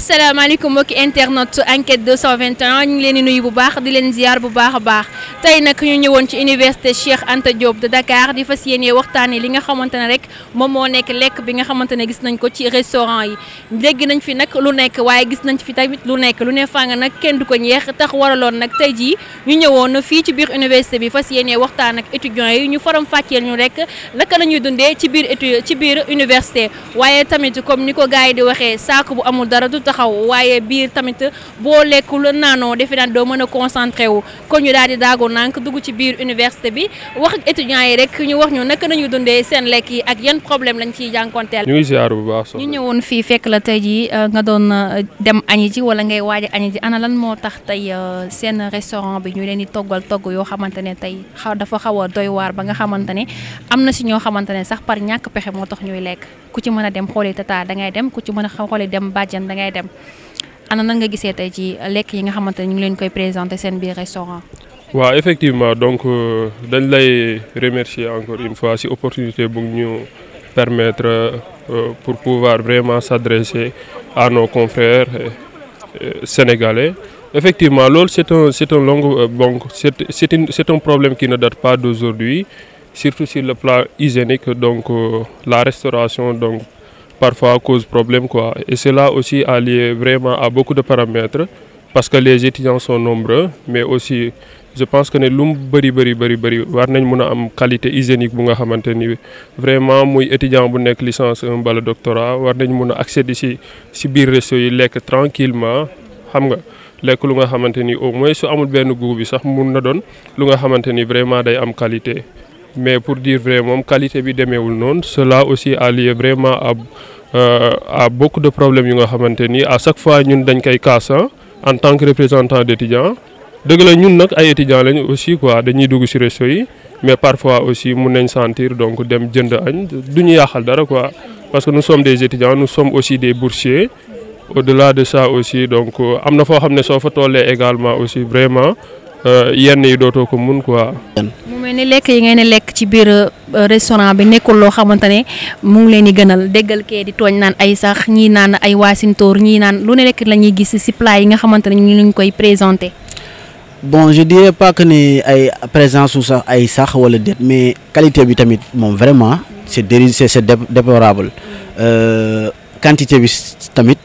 asalaamaaleykum mbokki internet su enquête 221 ñu ngi leen di nuyu bu baax di leen ziar bu baax baax tey nag ñu ñëwoon ci université Cheikh ante Diop de Dakar di fas yéene waxtaanee li nga xamante ne rek moom moo nekk lekk bi nga xamante ne gis nañ ko ci restaurant yi dégg nañ fi nag lu nekk waaye gis nañ fi tamit lu nekk lu ne fàng nag kenn du ko ñeex tax waraloon nag tey jii ñu ñëwoon fii ci biir université bi fas yéene waxtaan ak étudiants yi ñu faram fàcceel ñu rek naka la ñuy dundee ci biir étu ci biir université waaye tamit comme ni ko gars yi di waxee saako bu amul dara du xaw waaye biir tamit boo lekkul naanoo defe naa doo mën a concentré wu kon ñu daal di daago nank dugg ci biir université bi wax ak yi rek ñu wax ñu naka nañu dundee seen lekk yi ak yan problème lañ ciy jànkonteel. ñu ngi ziar ñu ñëwoon fii fekk la tey jii euh, nga doon euh, dem añi ji wala ngay waaj a añi ji ana lan moo tax tey euh, seen restaurant bi ñu leen di toggal togg yoo xamante ne tey xaw dafa xaw a doy waar ba nga xamante ne am na si ñoo xamante ne sax par ñàkk pexe moo tax ñuy lekk. ku ci mën a dem xooli tata da ngay dem ku ci mën a xooli dem bàjjan da ngay dem ana nan nga gisee tey ci lekk yi nga xamante ne ñu ngi leen koy présenté seen biir restaurant. waaw effectivement donc euh, dañ lay remercier encore une fois si opportunité bu ñu permettre euh, pour pouvoir vraiment s'adresser à nos confrères euh, sénégalais. Effectivement, c'est un, un, long, bon, c'est un problème qui ne date pas d'aujourd'hui. surtout si le plan hygiénique donc euh, la restauration donc parfois cause problème quoi et cela aussi a lié vraiment à beaucoup de paramètres parce que les étudiants son nombreux mais aussi je pense que ne lu mu bëri bëri bëri bëri war nañ mun a am qualité hygiénique bu nga xamante ni vraiment muy étudiant bu nekk licence bala doctorat war nañ mun a accéder si si biir resto yi lekk tranquillement xam nga lekk lu nga xamante ni au moins su amul benn goût bi sax mun na doon lu nga xamante ni vraiment day am qualité mais pour dire vrai moom qualité bi demeewul noonu cela aussi a lié vraiment à a euh, bokk de problèmes yu nga xamante ni à chaque fois ñun dañ koy kaasa en tant que représentant d' étudiant dëgg ñun nag ay étudiants lañ aussi quoi dañuy dugg ci resto yi mais parfois aussi mun nañ sentir donc dem jënd añ du ñu yàqal dara quoi parce que nous sommes des étudiants nous sommes aussi des boursiers au delà de ça aussi donc euh, am na foo xam ne soo fa tollee également aussi vraiment Euh, yenn yi dootoo ko mun quoi. mu mel ni lekk yi ngeen ne lekk ci biir euh, restaurant bi nekkul loo xamante ne mu ngi leen di gënal déggal kee di tooñ naan ay sax ñii naan ay waasintóor ñi naan lu ne lekk la ñuy gis si plat yi nga xamante ne ñu ngi koy présenté. bon je dirais pas que ni ay présence su sax ay sax wala déet mais qualité bi tamit moom vraiment c'est déri c'est déplorable euh, quantité bi tamit.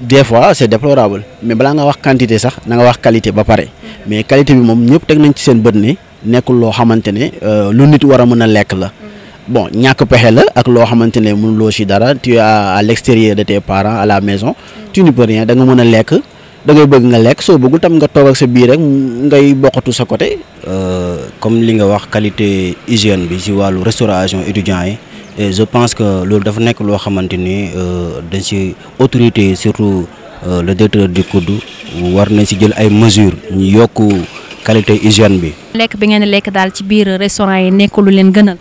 des fois c' déplorable mais balaa nga wax quantité sax na nga wax qualité ba pare mais qualité bi moom ñëpp teg nañ ci seen bët ni nekkul loo xamante ne euh, lu nit war a mën a lekk la bon ñàkk pexe la ak loo xamante ne loo si dara tu es à l' extérieur de tes parents à la maison tuni ne peux da nga mën a lekk da ngay bëgg nga lekk soo bëggul tam nga toog ak sa biir rek ngay bokkatu sa côté. Euh, comme li nga wax qualité hygiène bi si wàllu restauration étudiants yi. et je pense que loolu dafa nekk loo xamante ni euh, dañ ci autorité surtout euh, le directeur di kuddu war na ci jël ay mesures ñu yokk qualité hygiène bi. lekk bi ngeen lekk daal ci biir restaurant yi nekkul lu leen gënal.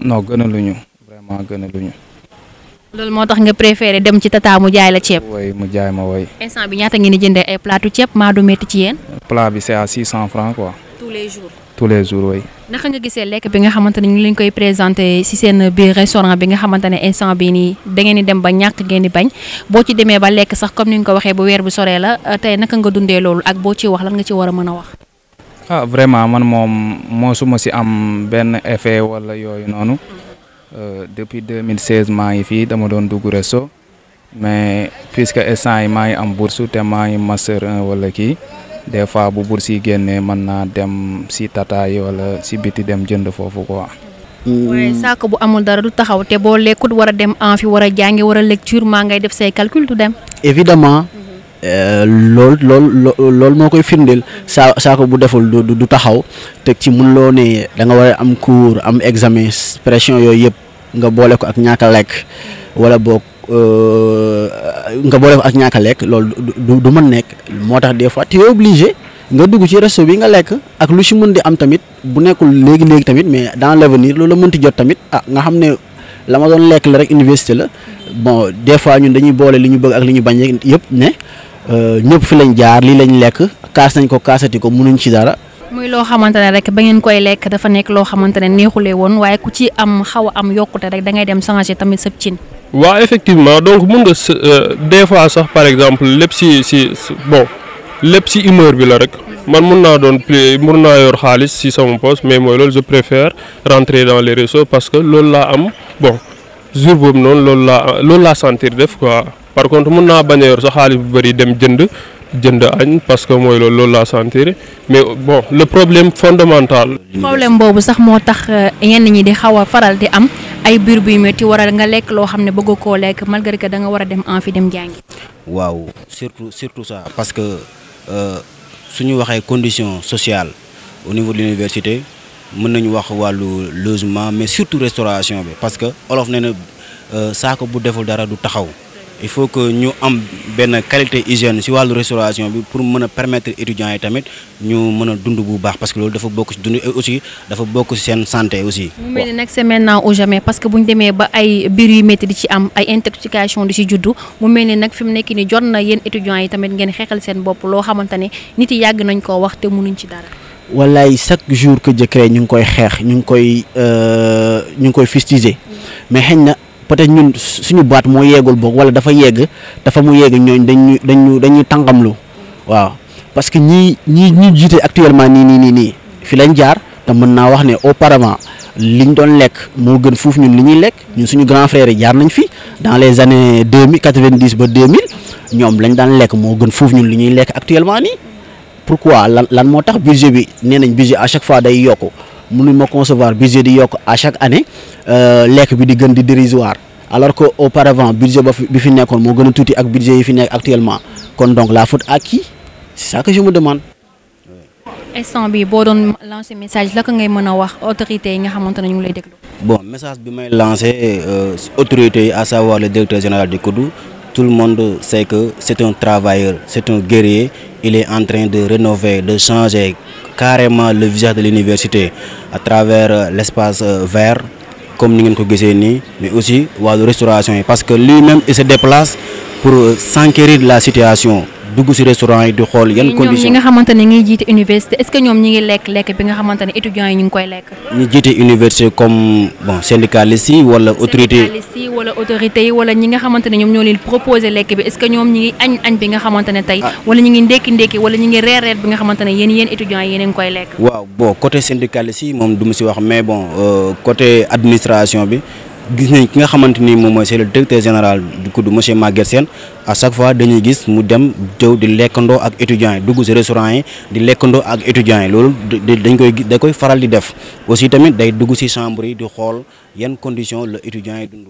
non gënaluñu vraiment gënaluñu. loolu moo tax nga préféré dem ci tata mu jaay la ceeb. woy mu jaay ma woy. instant bi ñaata ngeen di jëndee ay plaatu ceeb maa du métti ci yéen. plat bi c'est à cent francs quoi. tous les jours oui. naka nga gisee lekk bi nga xamante ne ñu ngi koy présenté ci seen biir restaurant bi nga xamante ne instant bii nii da ngeen di dem ba ñàkk ngeen di bañ boo ci demee ba lekk sax comme ni nga ko waxee bu weer bi soree la euh, tey naka nga dundee loolu ak boo ci wax lan nga ci war a mën a wax. ah vraiment man moom moo suma ci am benn effet walla yooyu noonu euh, depuis 2016 maa ngi fii dama doon dugg resto mais puisque instant yi maa ngi am bourse te maa ngi master 1 kii. des fois bu bourse si génnee mën naa dem si tata yi wala si biti dem jënd foofu ko waaye mm. saako bu amul dara du taxaw te boo lekkut war a dem en fi war a jàngi war a lecture maa ngay def say calcul du dem. évidemment mm-hmm. euh, lool lool moo koy firndeel saa saako bu deful du taxaw te ci mun loo ne da nga war a am cours am examen pression yooyu yëpp nga boole ko ak ñaaka lekk wala boog. Euh, nga boole ko ak ñàkk a lekk loolu du du mën nekk moo tax des fois tu es nga dugg ci resto bi nga lekk ak lu ci mën di am tamit bu nekkul léegi léegi tamit mais dans l'avenir loolu la mënti jot tamit ah xam ne la ma lekk la rek université la bon des fois ñun dañuy boole li ñu bëgg ak li ñu bañ yëpp ne euh, ñëpp fi lañ jaar lii lañ lekk kaas nañ ko kaasati ko mënuñ ci dara. muy loo xamante ne rek ba ngeen koy lekk dafa nekk loo xamante ne neexulee woon waaye ku ci am xaw am yokkute rek da ngay dem changer tamit sëb cin. waaw effectivement donc mun nga euh, des fois sax par exemple lépp si si bon lépp si humeur bi la rek man mun naa doon plus mun naa yor xaalis si sama poste mais mooy loolu je préfère rentrer dans les réseaux parce que loolu laa am bon jour boobu noonu loolu laa loolu laa sentir def quoi par contre mun naa bañ a yor sa xaalis bu bëri dem jënd jënd añ parce que mooy loolu loolu laa sentir mais bon le problème fondamental. problème boobu sax moo tax euh, ñenn ñi di xaw a faral di am. ay biir buy war a nga lekk loo xam ne bëgg koo lekk malgré que da nga war a dem en fi dem jàngi. waaw surtout surtout ça parce que euh, su ñu waxee condition sociale au niveau de l'université mën nañu wax wàllu logement mais surtout restauration bi parce que olof na na euh, saako bu deful dara du taxaw. il faut que ñu am benn qualité hygiène ci wàllu restauration bi pour mën a permettre étudiants yi tamit ñu mën a dund bu baax parce que loolu dafa bokk ci dund aussi dafa bokk ci seen santé aussi. mu mel ni nag c'est maintenant ou parce que bu ñu demee ba ay biir yu métti di ci am ay intoxication di ci juddu mu mel ni nag fi mu nekk ni jot na yéen étudiants yi tamit ngeen xeexal seen bopp loo xamante ne nit yi yàgg nañ koo wax te mënuñ ci dara. wallaay chaque jour que Jëkkërë ñu ngi koy xeex ñu ngi koy euh, ñu ngi koy fustiger mm. mais peut-être ñun suñu baat moo yeegul boog wala dafa yegg dafa mu yegg ñooñ dañu dañu dañuy tàngamlu waaw parce que ñii ñii ñu jiite actuellement nii nii nii nii fi lañ jaar te mën naa wax ne li ñu doon lekk moo gën fuuf ñun li ñuy lekk ñun suñu grand frère yi jaar nañ fi dans les années deux mille quatre-vingt-dix ba deux mille ñoom lañ daan lekk moo gën fuuf ñun li ñuy lekk actuellement nii pourquoi lan lan moo tax budget bi nee nañ budget à chaque fois day yokku mënuñ ma concevoir budget di yokk à chaque année euh, lekk bi di gën di dérisoire alors que au par auparavant budget ba bi fi nekkoon moo gën a tuuti ak budget yi fi nekk actuellement kon donc la faute à qui c'est ça que je me demande. instant bi boo doon lancer message la ko ngay mën a wax autorités yi nga xamante ne ñu ngi lay déglu. bon message bi may lancer euh, autorité yi à savoir le directeur général du COUD tout le monde sait que c'est un travailleur c'est un guerrier il est en train de rénover de carrément le visage de l'université à travers euh, l'espace euh, vert comme ni ngeen ko gisee nii mais aussi wàllu restauration yi parce que lui-même il se déplace pour euh, s'enquérir de la situation dugg si restaurant yi di xool yan condition ñi nga xamante ne ngi jiite université est-ce que ñoom ñi ngi lekk lekk bi nga xamante ne étudiants yi ñu ngi koy lekk ñi jiite université comme bon syndicalistes yi wala autorité syndicalistes yi wala autorités wala ñi nga xamante ne ñoom ñoo proposé lekk bi est-ce que ñoom ñi ngi añ añ bi nga xamante ne tey ah. wala ñi wala ñi ngi reer reer bi nga ne yéen yéen étudiants yi yéen a ngi koy lekk waaw bon côté syndicalistes yi moom du mu si wax mais bon euh, côté administration bi gis nañ ki nga xamante ni moom mooy c'est le directeur général du kudd monsieur Maguette Sène à chaque fois dañuy gis mu dem jëw di lekkandoo ak étudiants yi dugg si restaurant yi di lekkandoo ak étudiants yi loolu dañ koy da koy faral di def aussi tamit day dugg si chambre yi di xool yenn condition la étudiants yi dund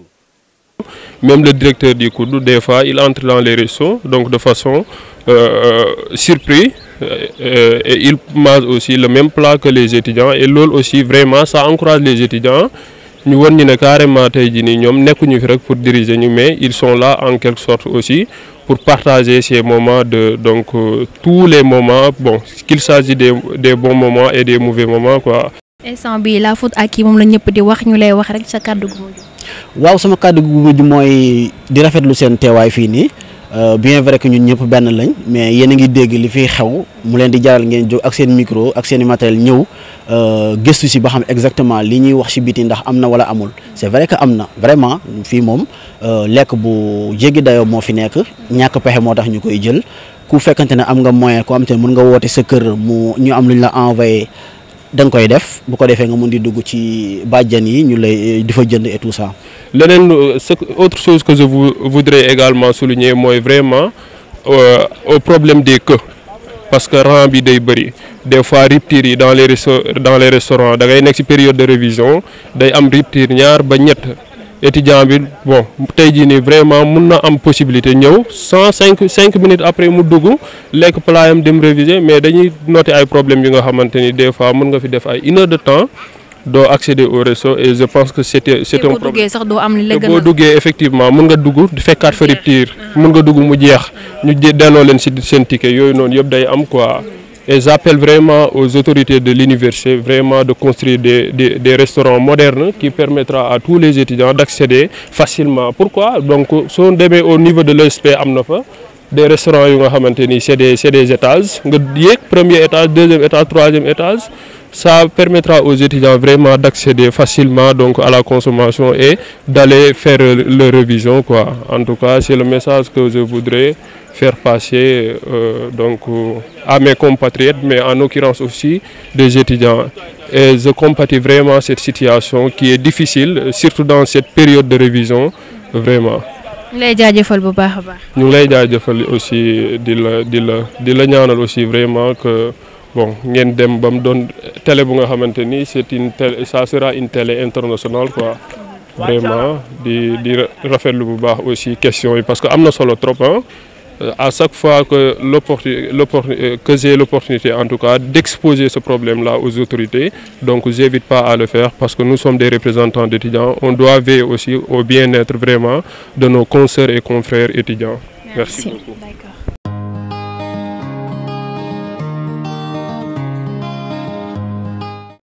même le directeur du kudd des fois il entre dans les restos donc de façon euh, euh, euh et il mange aussi le même plat que les étudiants et loolu aussi vraiment ça encourage ñu war ñu ne carrément tey jii nii ñoom nekkuñu fi rek pour diriger ñu mais ils sont là en quelque sorte aussi pour partager ces moments de donc euh, tous les moments bon qu'il s'agit des des bons moments et des mauvais moments quoi. instant bi la faute ak qui moom la ñëpp di wax ñu lay wax rek sa kàddu gu mujj. waaw sama kàdd gu mujj mooy di rafetlu seen teewaay fii nii. Euh, bien vrai que ñun ñëpp benn lañ mais yéen ngi dégg li fiy xew mu leen di jaral ngeen jóg ak seen micro ak seen i matériel ñëw euh, gëstu si ba xam exactement li ñuy wax si biti ndax am na wala amul c'est vrai que am na vraiment fii moom euh, lekk bu jéggi dayoo moo fi nekk ñàkk pexe moo tax ñu koy jël ku fekkante ne am nga moyen ku am te mën nga woote sa kër mu ñu am lu ñu la envoyé da nga koy def bu ko defee nga mun di dugg ci bàjjan yi ñu lay di fa jënd et tout leneen euh, ce autre chose que je vous voudrais également souligner mooy vraiment euh, au problème des queues parce que rang bi day bëri des fois rupture yi dans les dans les restaurants da ngay nekk ci période de révision day am rupture ñaar ba ñett. étudiant bi bon tey jii nii vraiment mun na am possibilité ñëw cent cinq cinq minutes après mu dugg lekk palaayam dem réviser mais dañuy noter ay problèmes yu nga xamante ni des fois mun nga fi def ay une de temps doo accéder au réseau et je pense que c'était c'est un problème sax doo am li la boo duggee effectivement mun nga dugg fekkaat fa rupture mun nga dugg mu jeex ñu delloo leen si seen ticket yooyu noonu yëpp day am quoi Et j'appelle vraiment aux autorités de l'université vraiment de construire des, des, des, restaurants modernes qui permettra à tous les étudiants d'accéder facilement. Pourquoi Donc, si on démet au niveau de l'ESP Amnofa, des restaurants, c'est des, des étages. Il y a premier étage, deuxième étage, troisième étage. ça permettra aux étudiants vraiment d'accéder facilement donc à la consommation et d'aller faire leur révision quoi en tout cas c'est le message que je voudrais faire passer euh, donc à mes compatriotes mais en l'occurrence aussi des étudiants et je compatis vraiment cette situation qui est difficile surtout dans cette période de révision vraiment ñu lay jaajëfal bu baax a baax ñu ngi lay jaajëfal aussi di la di la di la ñaanal aussi vraiment que bon ngeen dem ba mu doon télé bu nga xamante ni c'est une télé ça sera une télé internationale quoi vraiment di di rafetlu bu baax aussi question yi parce que am na solo trop ah à chaque fois que l'opportunité euh, que j'ai l'opportunité en tout cas d'exposer ce problème-là aux autorités donc j'évite pas à le faire parce que nous sommes des représentants d'étudiants on doit veiller aussi au bien-être vraiment de nos consoeurs et confrères étudiants